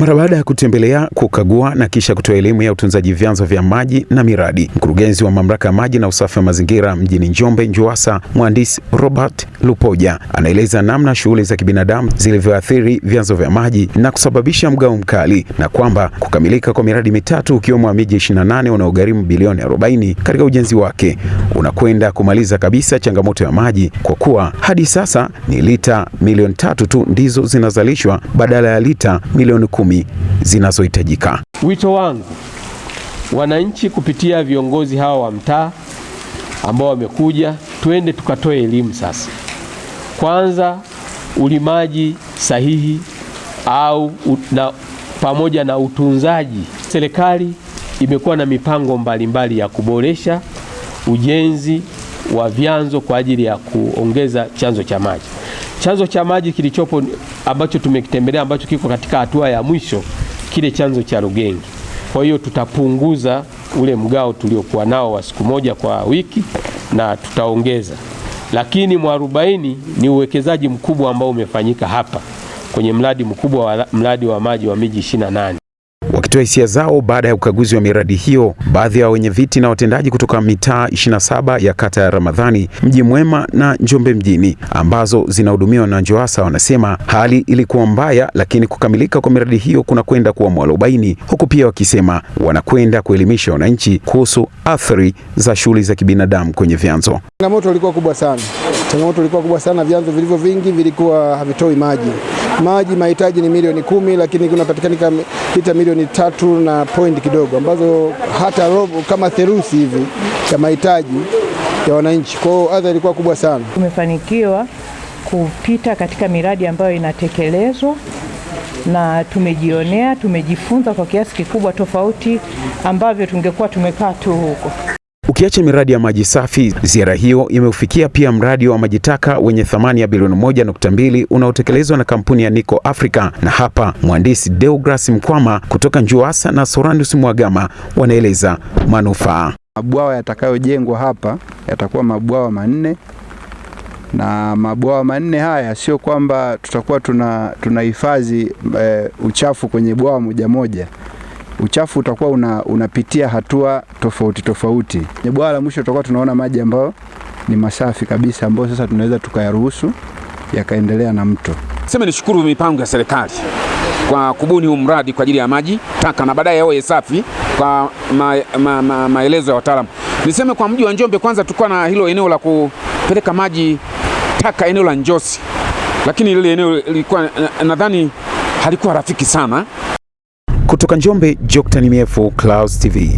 Mara baada ya kutembelea, kukagua na kisha kutoa elimu ya utunzaji vyanzo vya maji na miradi, mkurugenzi wa mamlaka ya maji na usafi wa mazingira mjini Njombe NJUWASA, mhandisi Robert Lupoja anaeleza namna shughuli za kibinadamu zilivyoathiri vyanzo vya maji na kusababisha mgao mkali na kwamba kukamilika kwa miradi mitatu ukiwemo wa miji 28 unaogharimu bilioni 40 katika ujenzi wake unakwenda kumaliza kabisa changamoto ya maji kwa kuwa hadi sasa ni lita milioni tatu tu ndizo zinazalishwa badala ya lita milioni kumi kiuchumi zinazohitajika. Wito wangu wananchi kupitia viongozi hawa wa mtaa ambao wamekuja, twende tukatoe elimu sasa. Kwanza ulimaji sahihi au na, pamoja na utunzaji. Serikali imekuwa na mipango mbalimbali mbali ya kuboresha ujenzi wa vyanzo kwa ajili ya kuongeza chanzo cha maji. Chanzo cha maji kilichopo ambacho tumekitembelea ambacho kiko katika hatua ya mwisho, kile chanzo cha Rugenge. Kwa hiyo tutapunguza ule mgao tuliokuwa nao wa siku moja kwa wiki na tutaongeza, lakini mwarobaini ni uwekezaji mkubwa ambao umefanyika hapa kwenye mradi mkubwa wa mradi wa maji wa miji 28 wakitoa hisia zao baada ya ukaguzi wa miradi hiyo. Baadhi ya wenye viti na watendaji kutoka mitaa 27 ya kata ya Ramadhani, Mji Mwema na Njombe mjini ambazo zinahudumiwa na Njoasa wanasema hali ilikuwa mbaya, lakini kukamilika kwa miradi hiyo kwenda kuwa mwarobaini, huku pia wakisema wanakwenda kuelimisha wananchi kuhusu athari za shughuli za kibinadamu kwenye vyanzo. Changamoto ilikuwa kubwa sana, changamoto ilikuwa kubwa sana. Vyanzo vilivyo vingi vilikuwa havitoi maji. Maji mahitaji ni milioni kumi, lakini kunapatikana lita milioni tatu na point kidogo, ambazo hata robo kama therusi hivi ya mahitaji ya wananchi. Kwa hiyo adha ilikuwa kubwa sana. Tumefanikiwa kupita katika miradi ambayo inatekelezwa na tumejionea, tumejifunza kwa kiasi kikubwa, tofauti ambavyo tungekuwa tumekaa tu huko. Ukiacha miradi ya maji safi, ziara hiyo imeufikia pia mradi wa maji taka wenye thamani ya bilioni moja nukta mbili unaotekelezwa na kampuni ya Nico Africa, na hapa mhandisi Deogras Mkwama kutoka Njuasa na sorandus Mwagama wanaeleza manufaa. Mabwawa yatakayojengwa hapa yatakuwa mabwawa manne na mabwawa manne haya sio kwamba tutakuwa tuna tunahifadhi e, uchafu kwenye bwawa moja moja uchafu utakuwa una, unapitia hatua tofauti tofauti. Ni bwawa la mwisho tutakuwa tunaona maji ambayo ni masafi kabisa, ambayo sasa tunaweza tukayaruhusu yakaendelea na mto. Sema nishukuru mipango ya serikali kwa kubuni huu mradi kwa ajili ya maji taka na baadaye yawe safi kwa ma, ma, ma, maelezo ya wataalamu. Niseme kwa mji wa Njombe kwanza tulikuwa na hilo eneo la kupeleka maji taka eneo la Njosi, lakini lile eneo lilikuwa eh, nadhani halikuwa rafiki sana kutoka Njombe, Joctan Myefu, Clouds TV.